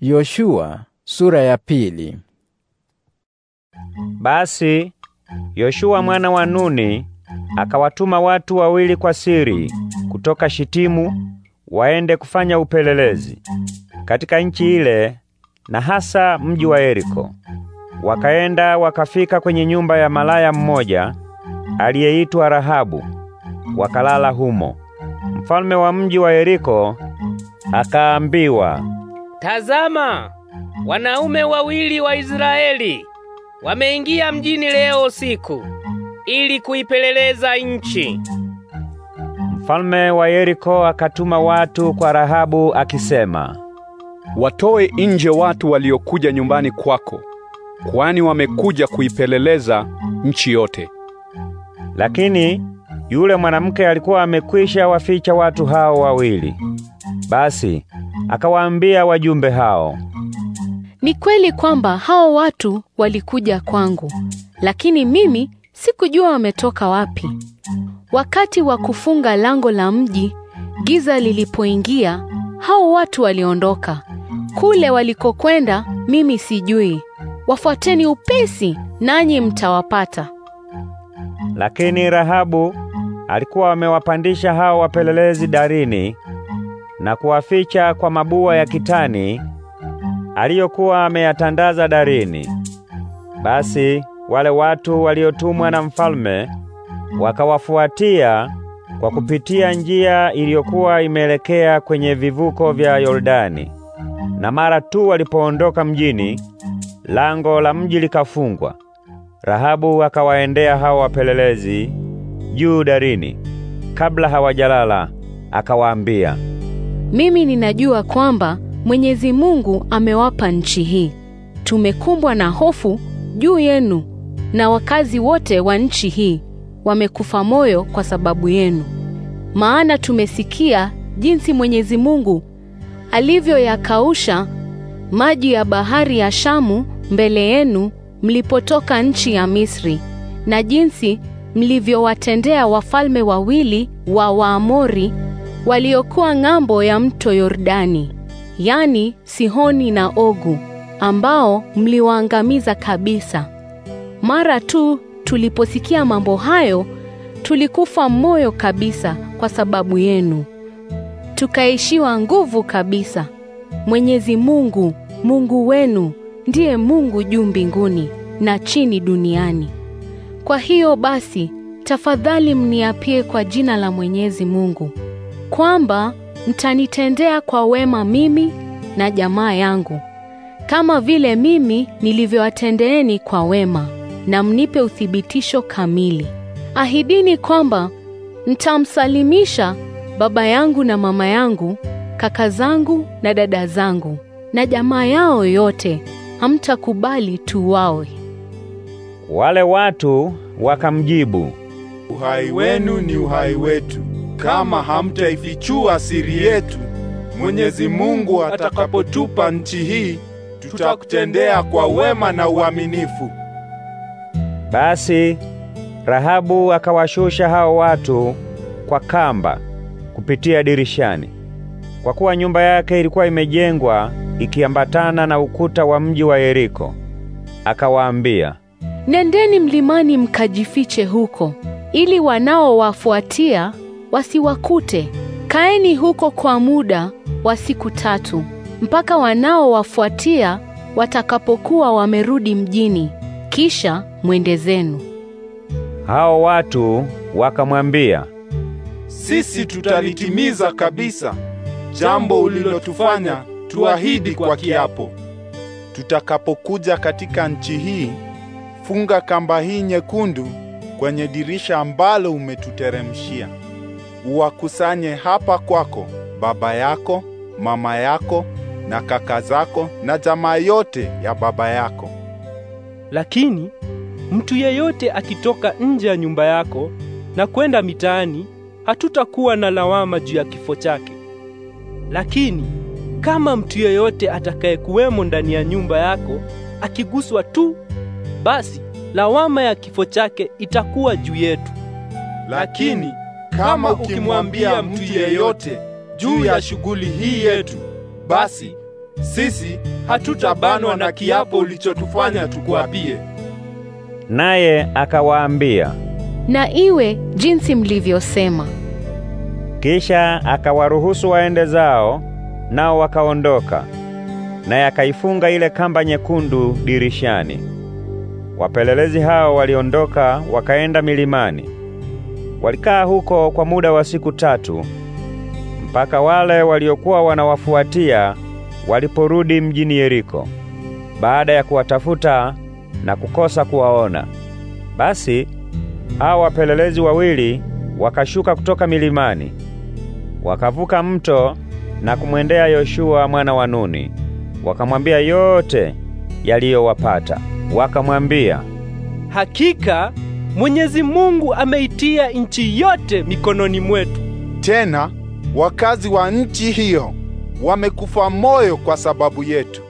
Yoshua sura ya pili. Basi Yoshua mwana wa Nuni akawatuma watu wawili kwa siri kutoka Shitimu waende kufanya upelelezi katika nchi ile na hasa mji wa Yeriko. Wakaenda wakafika kwenye nyumba ya malaya mmoja aliyeitwa Rahabu, wakalala humo. Mfalme wa mji wa Yeriko akaambiwa Tazama, wanaume wawili wa Israeli wameingia mjini leo usiku ili kuipeleleza nchi. Mfalme wa Yeriko akatuma watu kwa Rahabu akisema, watoe nje watu waliokuja nyumbani kwako, kwani wamekuja kuipeleleza nchi yote. Lakini yule mwanamke alikuwa amekwisha waficha watu hao wawili. Basi akawaambia wajumbe hao, ni kweli kwamba hao watu walikuja kwangu, lakini mimi sikujua wametoka wapi. Wakati wa kufunga lango la mji, giza lilipoingia, hao watu waliondoka. Kule walikokwenda mimi sijui. Wafuateni upesi, nanyi mtawapata. Lakini Rahabu alikuwa amewapandisha hao wapelelezi darini na kuwaficha kwa mabua ya kitani aliyokuwa ameyatandaza darini. Basi wale watu waliotumwa na mfalme wakawafuatia kwa kupitia njia iliyokuwa imeelekea kwenye vivuko vya Yordani. Na mara tu walipoondoka mjini, lango la mji likafungwa. Rahabu akawaendea hao wapelelezi juu darini, kabla hawajalala, akawaambia mimi ninajua kwamba Mwenyezi Mungu amewapa nchi hii. Tumekumbwa na hofu juu yenu na wakazi wote wa nchi hii wamekufa moyo kwa sababu yenu. Maana tumesikia jinsi Mwenyezi Mungu alivyoyakausha maji ya bahari ya Shamu mbele yenu mlipotoka nchi ya Misri na jinsi mlivyowatendea wafalme wawili wa Waamori waliokuwa ng'ambo ya mto Yordani, yani Sihoni na Ogu, ambao mliwaangamiza kabisa. Mara tu tuliposikia mambo hayo, tulikufa moyo kabisa kwa sababu yenu, tukaishiwa nguvu kabisa. Mwenyezi Mungu, Mungu wenu ndiye Mungu juu mbinguni na chini duniani. Kwa hiyo basi, tafadhali mniapie kwa jina la Mwenyezi Mungu kwamba mtanitendea kwa wema mimi na jamaa yangu, kama vile mimi nilivyowatendeeni kwa wema, na mnipe uthibitisho kamili. Ahidini kwamba mtamsalimisha baba yangu na mama yangu, kaka zangu na dada zangu, na jamaa yao yote, hamtakubali tu wawe. Wale watu wakamjibu, uhai wenu ni uhai wetu kama hamtaifichua siri yetu, Mwenyezi Mungu atakapotupa nchi hii, tutakutendea kwa wema na uaminifu. Basi Rahabu akawashusha hao watu kwa kamba kupitia dirishani, kwa kuwa nyumba yake ilikuwa imejengwa ikiambatana na ukuta wa mji wa Yeriko. Akawaambia, nendeni mlimani mkajifiche huko, ili wanaowafuatia wasiwakute. Kaeni huko kwa muda wa siku tatu mpaka wanaowafuatia watakapokuwa wamerudi mjini, kisha mwende zenu. Hao watu wakamwambia, sisi tutalitimiza kabisa jambo ulilotufanya tuahidi kwa kiapo. Tutakapokuja katika nchi hii, funga kamba hii nyekundu kwenye dirisha ambalo umetuteremshia uwakusanye hapa kwako baba yako, mama yako na kaka zako na jamaa yote ya baba yako. Lakini mtu yeyote akitoka nje ya nyumba yako na kwenda mitaani, hatutakuwa na lawama juu ya kifo chake. Lakini kama mtu yeyote atakayekuwemo ndani ya nyumba yako akiguswa tu, basi lawama ya kifo chake itakuwa juu yetu. Lakini kama ukimwambia mtu yeyote juu ya shughuli hii yetu, basi sisi hatutabanwa na kiapo ulichotufanya tukuapie. Naye akawaambia, na iwe jinsi mlivyosema. Kisha akawaruhusu waende zao, nao wakaondoka. Naye akaifunga ile kamba nyekundu dirishani. Wapelelezi hao waliondoka wakaenda milimani. Walikaa huko kwa muda wa siku tatu mpaka wale waliokuwa wanawafuatia waliporudi mjini Yeriko, baada ya kuwatafuta na kukosa kuwaona. Basi hao wapelelezi wawili wakashuka kutoka milimani, wakavuka mto na kumwendea Yoshua mwana wa Nuni, wakamwambia yote yaliyowapata. Wakamwambia, hakika Mwenyezi Mungu ameitia nchi yote mikononi mwetu. Tena wakazi wa nchi hiyo wamekufa moyo kwa sababu yetu.